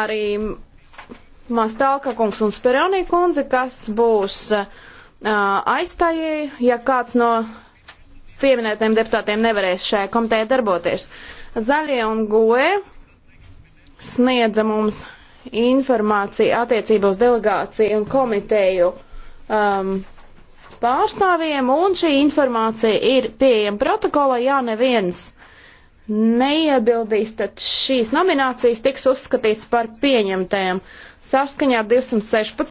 arī Mastalka kungs un Speronī kundze, kas būs uh, aizstājēji, ja kāds no pieminētiem deputātiem nevarēs šajā komitē darboties. Zaļie un goe sniedza mums informāciju attiecībā uz delegāciju un komiteju um, pārstāvjiem, un šī informācija ir pieejama protokolā, ja neviens neiebildīs, tad šīs nominācijas tiks uzskatīts par pieņemtajām. Saskaņā ar 216.